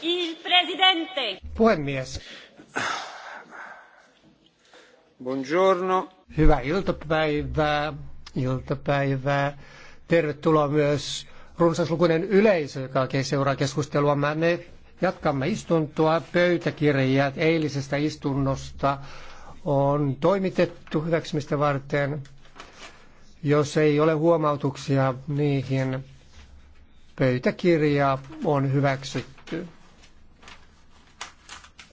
Il presidente. Puhemies. Buongiorno. Hyvää iltapäivää. Iltapäivää. Tervetuloa myös runsaslukuinen yleisö, joka seuraa keskustelua. Me jatkamme istuntoa. Pöytäkirjat eilisestä istunnosta on toimitettu hyväksymistä varten. Jos ei ole huomautuksia niihin, pöytäkirja on hyväksytty.